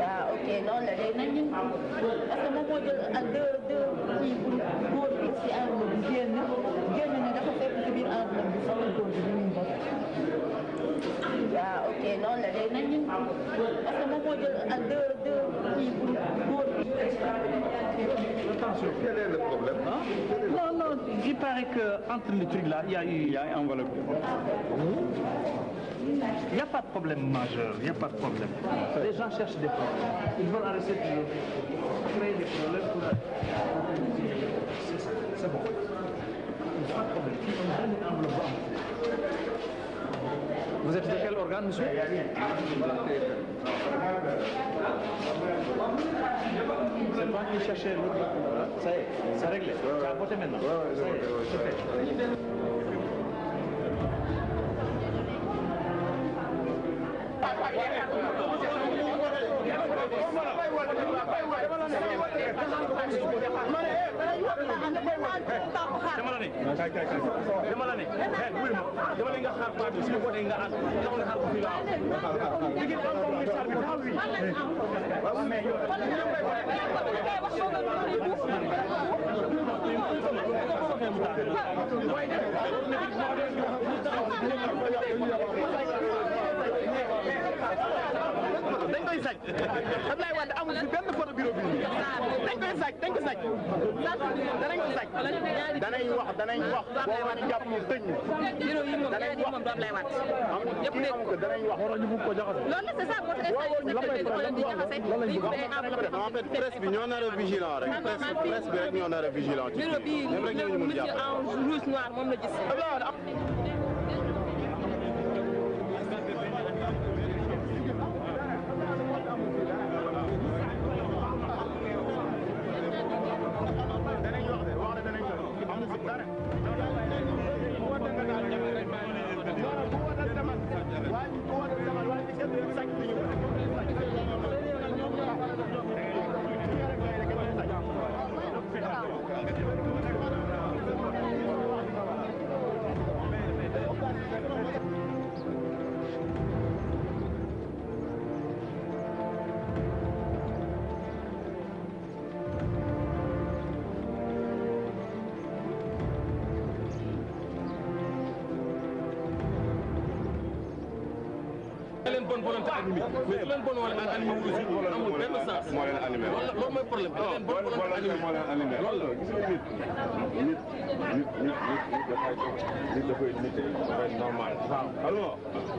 waaw ok noonu la day nañ parce que moom moo jël ak deux deux kuy bu góor bi si enveloppe bi génn génn ne dafa fekk ci biir enveloppe bi soxla góor bi ñu bokk waaw ok noonu la day nañ parce que moom moo jël ak deux deux kuy bu góor bi. Attention, quel est le problème? Non, non, il paraît que entre les trucs là, il y a eu, il y a enveloppe. Ah, Il n'y a pas de problème majeur, il n'y a pas de problème. Les gens cherchent des problèmes. Ils veulent arrêter de créer des problèmes pour C'est ça, c'est bon. Pas de problème. Vous êtes de quel organe, monsieur C'est toi qui cherchais l'autre. Ça y est, c'est réglé. Tu as voté maintenant. Ça y est, c'est fait. dama la ne eh wuyu ma dama leen nga xaar paa bi suñu côté nga ànd taxaw nga xaar ko fii nga am. léegi am na message bi taxaw yi. waaw mais yow. koy sàcc Abdoulaye Wade amul fi benn photo bureau bi dañ koy sàcc dañ ko sàcc danañ ko sàcc danañ wax danañ wax boo ma jàpp ñu tëj ñu danañ wax am ñëpp dégg danañ wax waroon ñu bëgg ko jaxase loolu c'est ça moo tax presse bi ñoo nar a vigilant rek presse bi rek ñoo nar a vigilant ci bureau bi ñu ñu en rouge noir moom la gis bon volonté animé mais su leen bon wala animé wu aussi amul benn sens moo leen animé loolu mooy problème da leen bon volonté animé moo leen animé la gis nga nit nit nit nit nit dafay nit dafay nit dafay normal alors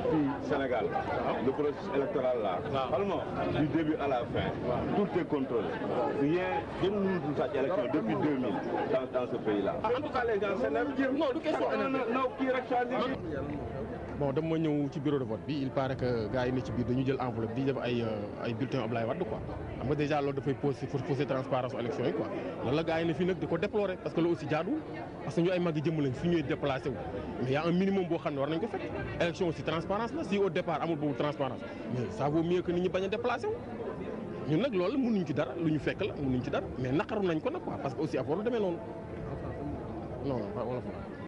fii Sénégal le processus électoral là la fin tout est contrôlé rien gën ñu dul sàcc élection depuis 2000 dans dans pays là ah, en tout cas les gens s'énervent non du question non non bon dama ñëw ci bureau de vote bi il paraît que gars yi ne ci biir dañu jël enveloppe di def ay euh, ay bulletins Ablaye Wade quoi xam yi ne fii nag di ko déplorer parce que loolu aussi jaadu parce que ñu ay màggi jëm lañ su ñuy déplacé mais y a minimum boo xam ne war nañ ko fekk élection aussi transparence la si au départ amul boobu transparence mais ça vaut mieux que nit ñi bañ a déplacé wu ñun nag loolu mënuñ ci dara lu ñu fekk la mënuñ ci dara mais